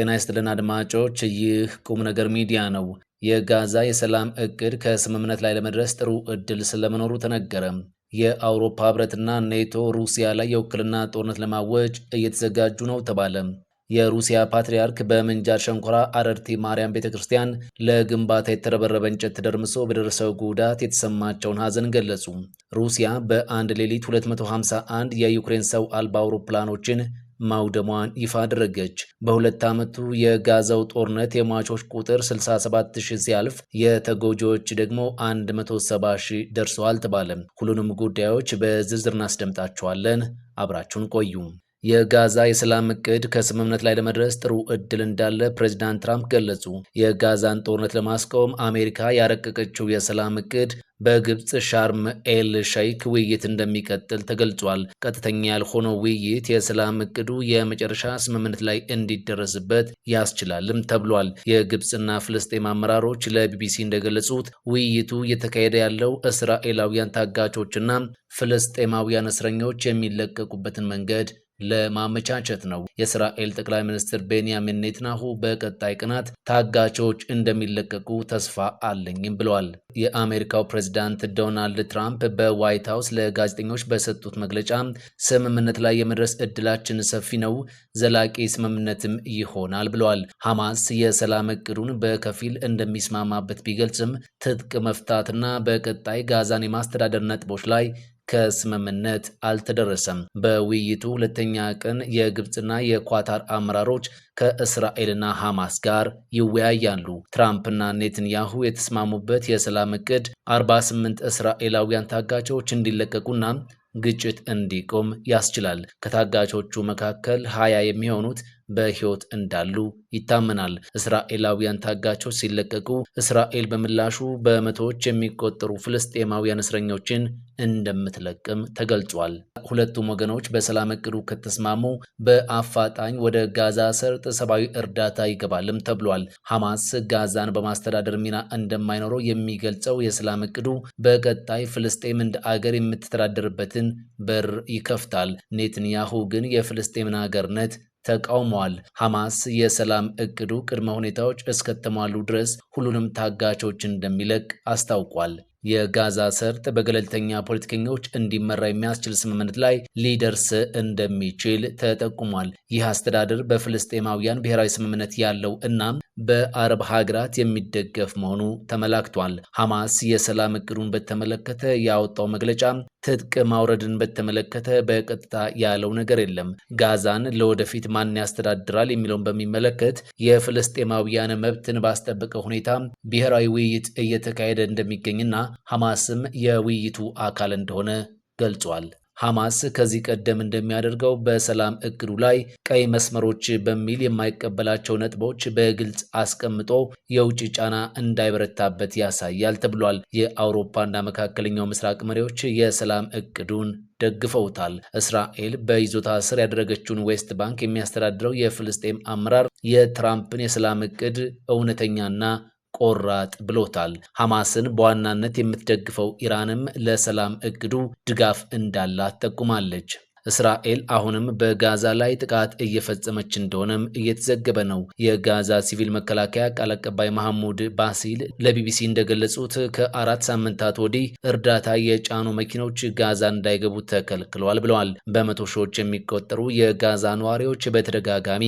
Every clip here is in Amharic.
ጤና ይስጥልን አድማጮች፣ ይህ ቁም ነገር ሚዲያ ነው። የጋዛ የሰላም እቅድ ከስምምነት ላይ ለመድረስ ጥሩ እድል ስለመኖሩ ተነገረ። የአውሮፓ ህብረትና ኔቶ ሩሲያ ላይ የውክልና ጦርነት ለማወጅ እየተዘጋጁ ነው ተባለ። የሩሲያ ፓትርያርክ በምንጃር ሸንኮራ አረርቲ ማርያም ቤተ ክርስቲያን ለግንባታ የተረበረበ እንጨት ተደርምሶ በደረሰው ጉዳት የተሰማቸውን ሐዘን ገለጹ። ሩሲያ በአንድ ሌሊት 251 የዩክሬን ሰው አልባ አውሮፕላኖችን ማውደሟን ይፋ አደረገች። በሁለት ዓመቱ የጋዛው ጦርነት የሟቾች ቁጥር 67 ሺህ ሲያልፍ የተጎጂዎች ደግሞ 170 ሺህ ደርሰዋል ተባለ። ሁሉንም ጉዳዮች በዝርዝር እናስደምጣቸዋለን። አብራችሁን ቆዩም። የጋዛ የሰላም እቅድ ከስምምነት ላይ ለመድረስ ጥሩ እድል እንዳለ ፕሬዚዳንት ትራምፕ ገለጹ። የጋዛን ጦርነት ለማስቆም አሜሪካ ያረቀቀችው የሰላም እቅድ በግብፅ ሻርም ኤል ሸይክ ውይይት እንደሚቀጥል ተገልጿል። ቀጥተኛ ያልሆነው ውይይት የሰላም እቅዱ የመጨረሻ ስምምነት ላይ እንዲደረስበት ያስችላልም ተብሏል። የግብፅና ፍልስጤም አመራሮች ለቢቢሲ እንደገለጹት ውይይቱ እየተካሄደ ያለው እስራኤላውያን ታጋቾችና ፍልስጤማውያን እስረኞች የሚለቀቁበትን መንገድ ለማመቻቸት ነው። የእስራኤል ጠቅላይ ሚኒስትር ቤንያሚን ኔትናሁ በቀጣይ ቀናት ታጋቾች እንደሚለቀቁ ተስፋ አለኝም ብለዋል። የአሜሪካው ፕሬዚዳንት ዶናልድ ትራምፕ በዋይት ሀውስ ለጋዜጠኞች በሰጡት መግለጫ ስምምነት ላይ የመድረስ እድላችን ሰፊ ነው፣ ዘላቂ ስምምነትም ይሆናል ብለዋል። ሐማስ የሰላም እቅዱን በከፊል እንደሚስማማበት ቢገልጽም ትጥቅ መፍታትና በቀጣይ ጋዛን የማስተዳደር ነጥቦች ላይ ከስምምነት አልተደረሰም። በውይይቱ ሁለተኛ ቀን የግብፅና የኳታር አመራሮች ከእስራኤልና ሐማስ ጋር ይወያያሉ። ትራምፕና ኔትንያሁ የተስማሙበት የሰላም እቅድ 48 እስራኤላውያን ታጋቾች እንዲለቀቁና ግጭት እንዲቆም ያስችላል። ከታጋቾቹ መካከል ሀያ የሚሆኑት በሕይወት እንዳሉ ይታመናል። እስራኤላውያን ታጋቾች ሲለቀቁ እስራኤል በምላሹ በመቶዎች የሚቆጠሩ ፍልስጤማውያን እስረኞችን እንደምትለቅም ተገልጿል። ሁለቱም ወገኖች በሰላም እቅዱ ከተስማሙ በአፋጣኝ ወደ ጋዛ ሰርጥ ሰብአዊ እርዳታ ይገባልም ተብሏል። ሐማስ ጋዛን በማስተዳደር ሚና እንደማይኖረው የሚገልጸው የሰላም እቅዱ በቀጣይ ፍልስጤም እንደ አገር የምትተዳደርበትን በር ይከፍታል። ኔትንያሁ ግን የፍልስጤምን አገርነት ተቃውመዋል። ሐማስ የሰላም እቅዱ ቅድመ ሁኔታዎች እስከተሟሉ ድረስ ሁሉንም ታጋቾች እንደሚለቅ አስታውቋል። የጋዛ ሰርጥ በገለልተኛ ፖለቲከኞች እንዲመራ የሚያስችል ስምምነት ላይ ሊደርስ እንደሚችል ተጠቁሟል። ይህ አስተዳደር በፍልስጤማውያን ብሔራዊ ስምምነት ያለው እናም በአረብ ሀገራት የሚደገፍ መሆኑ ተመላክቷል። ሐማስ የሰላም እቅዱን በተመለከተ ያወጣው መግለጫ ትጥቅ ማውረድን በተመለከተ በቀጥታ ያለው ነገር የለም። ጋዛን ለወደፊት ማን ያስተዳድራል የሚለውን በሚመለከት የፍልስጤማውያን መብትን ባስጠበቀ ሁኔታ ብሔራዊ ውይይት እየተካሄደ እንደሚገኝና ሐማስም የውይይቱ አካል እንደሆነ ገልጿል። ሐማስ ከዚህ ቀደም እንደሚያደርገው በሰላም እቅዱ ላይ ቀይ መስመሮች በሚል የማይቀበላቸው ነጥቦች በግልጽ አስቀምጦ የውጭ ጫና እንዳይበረታበት ያሳያል ተብሏል። የአውሮፓና መካከለኛው ምስራቅ መሪዎች የሰላም እቅዱን ደግፈውታል። እስራኤል በይዞታ ስር ያደረገችውን ዌስት ባንክ የሚያስተዳድረው የፍልስጤም አመራር የትራምፕን የሰላም እቅድ እውነተኛና ቆራጥ ብሎታል። ሐማስን በዋናነት የምትደግፈው ኢራንም ለሰላም እቅዱ ድጋፍ እንዳላት ጠቁማለች። እስራኤል አሁንም በጋዛ ላይ ጥቃት እየፈጸመች እንደሆነም እየተዘገበ ነው። የጋዛ ሲቪል መከላከያ ቃል አቀባይ መሐሙድ ባሲል ለቢቢሲ እንደገለጹት ከአራት ሳምንታት ወዲህ እርዳታ የጫኑ መኪኖች ጋዛ እንዳይገቡ ተከልክለዋል ብለዋል። በመቶ ሺዎች የሚቆጠሩ የጋዛ ነዋሪዎች በተደጋጋሚ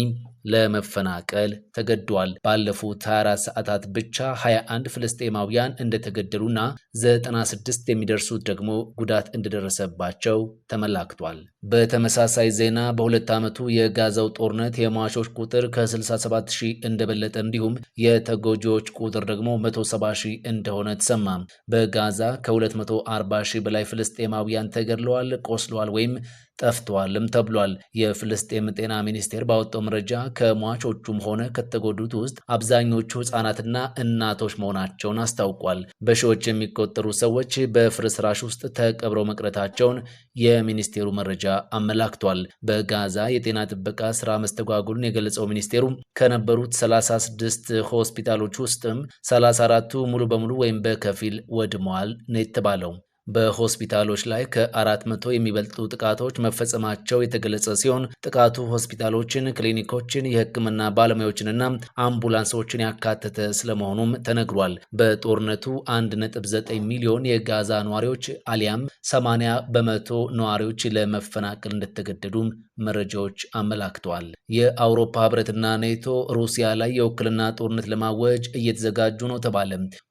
ለመፈናቀል ተገዷል። ባለፉት 24 ሰዓታት ብቻ 21 ፍልስጤማውያን እንደተገደሉና 96 የሚደርሱት ደግሞ ጉዳት እንደደረሰባቸው ተመላክቷል። በተመሳሳይ ዜና በሁለት ዓመቱ የጋዛው ጦርነት የሟቾች ቁጥር ከ67 ሺህ እንደበለጠ እንዲሁም የተጎጂዎች ቁጥር ደግሞ 170 ሺህ እንደሆነ ተሰማ። በጋዛ ከ240 ሺህ በላይ ፍልስጤማውያን ተገድለዋል፣ ቆስለዋል ወይም ጠፍተዋልም ተብሏል። የፍልስጤም ጤና ሚኒስቴር ባወጣው መረጃ ከሟቾቹም ሆነ ከተጎዱት ውስጥ አብዛኞቹ ህጻናትና እናቶች መሆናቸውን አስታውቋል። በሺዎች የሚቆጠሩ ሰዎች በፍርስራሽ ውስጥ ተቀብረው መቅረታቸውን የሚኒስቴሩ መረጃ አመላክቷል። በጋዛ የጤና ጥበቃ ስራ መስተጓጉሉን የገለጸው ሚኒስቴሩ ከነበሩት 36 ሆስፒታሎች ውስጥም 34ቱ ሙሉ በሙሉ ወይም በከፊል ወድመዋል ነው የተባለው። በሆስፒታሎች ላይ ከአራት መቶ የሚበልጡ ጥቃቶች መፈጸማቸው የተገለጸ ሲሆን ጥቃቱ ሆስፒታሎችን፣ ክሊኒኮችን፣ የሕክምና ባለሙያዎችንና አምቡላንሶችን ያካተተ ስለመሆኑም ተነግሯል። በጦርነቱ 1.9 ሚሊዮን የጋዛ ነዋሪዎች አሊያም 80 በመቶ ነዋሪዎች ለመፈናቀል እንደተገደዱም መረጃዎች አመላክተዋል። የአውሮፓ ህብረትና ኔቶ ሩሲያ ላይ የውክልና ጦርነት ለማወጅ እየተዘጋጁ ነው ተባለ።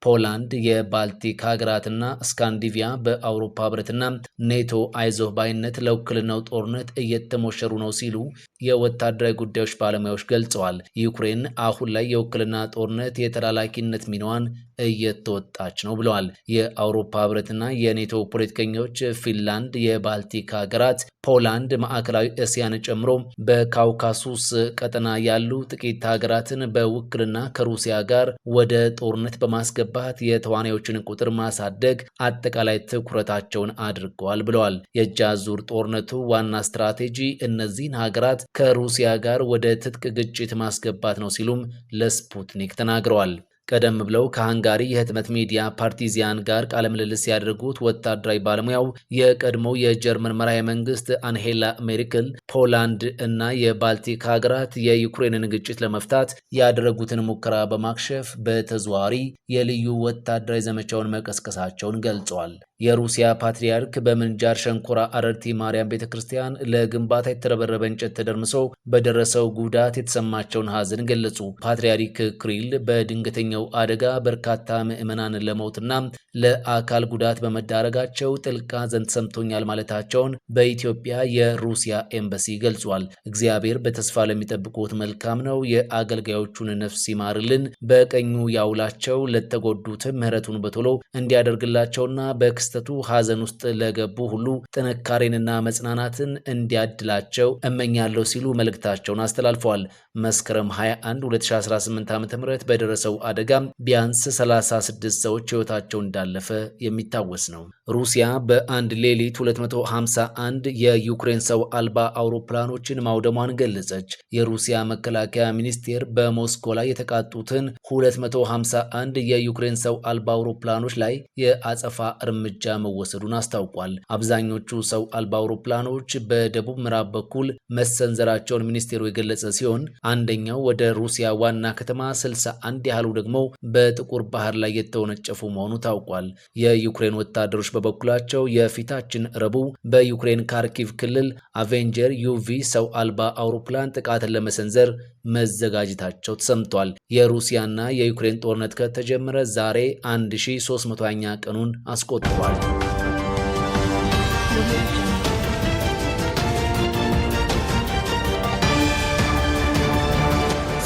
ፖላንድ፣ የባልቲክ ሀገራትና ስካንዲቪያ በአውሮፓ ህብረትና ኔቶ አይዞህ ባይነት ለውክልናው ጦርነት እየተሞሸሩ ነው ሲሉ የወታደራዊ ጉዳዮች ባለሙያዎች ገልጸዋል። ዩክሬን አሁን ላይ የውክልና ጦርነት የተላላኪነት ሚናዋን እየተወጣች ነው ብለዋል። የአውሮፓ ህብረትና የኔቶ ፖለቲከኞች ፊንላንድ፣ የባልቲክ ሀገራት፣ ፖላንድ፣ ማዕከላዊ እስያን ጨምሮ በካውካሱስ ቀጠና ያሉ ጥቂት ሀገራትን በውክልና ከሩሲያ ጋር ወደ ጦርነት በማስገባት የተዋናዮችን ቁጥር ማሳደግ አጠቃላይ ትኩረታቸውን አድርገዋል ብለዋል። የእጅ አዙር ጦርነቱ ዋና ስትራቴጂ እነዚህን ሀገራት ከሩሲያ ጋር ወደ ትጥቅ ግጭት ማስገባት ነው ሲሉም ለስፑትኒክ ተናግረዋል። ቀደም ብለው ከሃንጋሪ የህትመት ሚዲያ ፓርቲዚያን ጋር ቃለምልልስ ያደርጉት ወታደራዊ ባለሙያው የቀድሞው የጀርመን መራሄ መንግስት አንሄላ ሜሪክል ፖላንድ እና የባልቲክ ሀገራት የዩክሬንን ግጭት ለመፍታት ያደረጉትን ሙከራ በማክሸፍ በተዘዋዋሪ የልዩ ወታደራዊ ዘመቻውን መቀስቀሳቸውን ገልጸዋል። የሩሲያ ፓትርያርክ በምንጃር ሸንኮራ አረርቲ ማርያም ቤተ ክርስቲያን ለግንባታ የተረበረበ እንጨት ተደርምሰው በደረሰው ጉዳት የተሰማቸውን ሐዘን ገለጹ። ፓትርያርክ ክሪል በድንገተኛው አደጋ በርካታ ምዕመናን ለመውትና ለአካል ጉዳት በመዳረጋቸው ጥልቅ ሐዘን ተሰምቶኛል ማለታቸውን በኢትዮጵያ የሩሲያ ኤምባሲ ገልጿል። እግዚአብሔር በተስፋ ለሚጠብቁት መልካም ነው። የአገልጋዮቹን ነፍስ ይማርልን፣ በቀኙ ያውላቸው፣ ለተጎዱትም ምሕረቱን በቶሎ እንዲያደርግላቸውና በክስተቱ ሐዘን ውስጥ ለገቡ ሁሉ ጥንካሬንና መጽናናትን እንዲያድላቸው እመኛለሁ ሲሉ መልእክታቸውን አስተላልፈዋል። መስከረም 21 2018 ዓ ም በደረሰው አደጋ ቢያንስ 36 ሰዎች እንዳ እንዳለፈ የሚታወስ ነው። ሩሲያ በአንድ ሌሊት 251 የዩክሬን ሰው አልባ አውሮፕላኖችን ማውደሟን ገለጸች። የሩሲያ መከላከያ ሚኒስቴር በሞስኮ ላይ የተቃጡትን 251 የዩክሬን ሰው አልባ አውሮፕላኖች ላይ የአጸፋ እርምጃ መወሰዱን አስታውቋል። አብዛኞቹ ሰው አልባ አውሮፕላኖች በደቡብ ምዕራብ በኩል መሰንዘራቸውን ሚኒስቴሩ የገለጸ ሲሆን አንደኛው ወደ ሩሲያ ዋና ከተማ 61 ያህሉ ደግሞ በጥቁር ባህር ላይ የተወነጨፉ መሆኑ ታውቋል። አስታውቋል። የዩክሬን ወታደሮች በበኩላቸው የፊታችን ረቡዕ በዩክሬን ካርኪቭ ክልል አቬንጀር ዩቪ ሰው አልባ አውሮፕላን ጥቃትን ለመሰንዘር መዘጋጀታቸው ተሰምቷል። የሩሲያና የዩክሬን ጦርነት ከተጀመረ ዛሬ 1300ኛ ቀኑን አስቆጥሯል።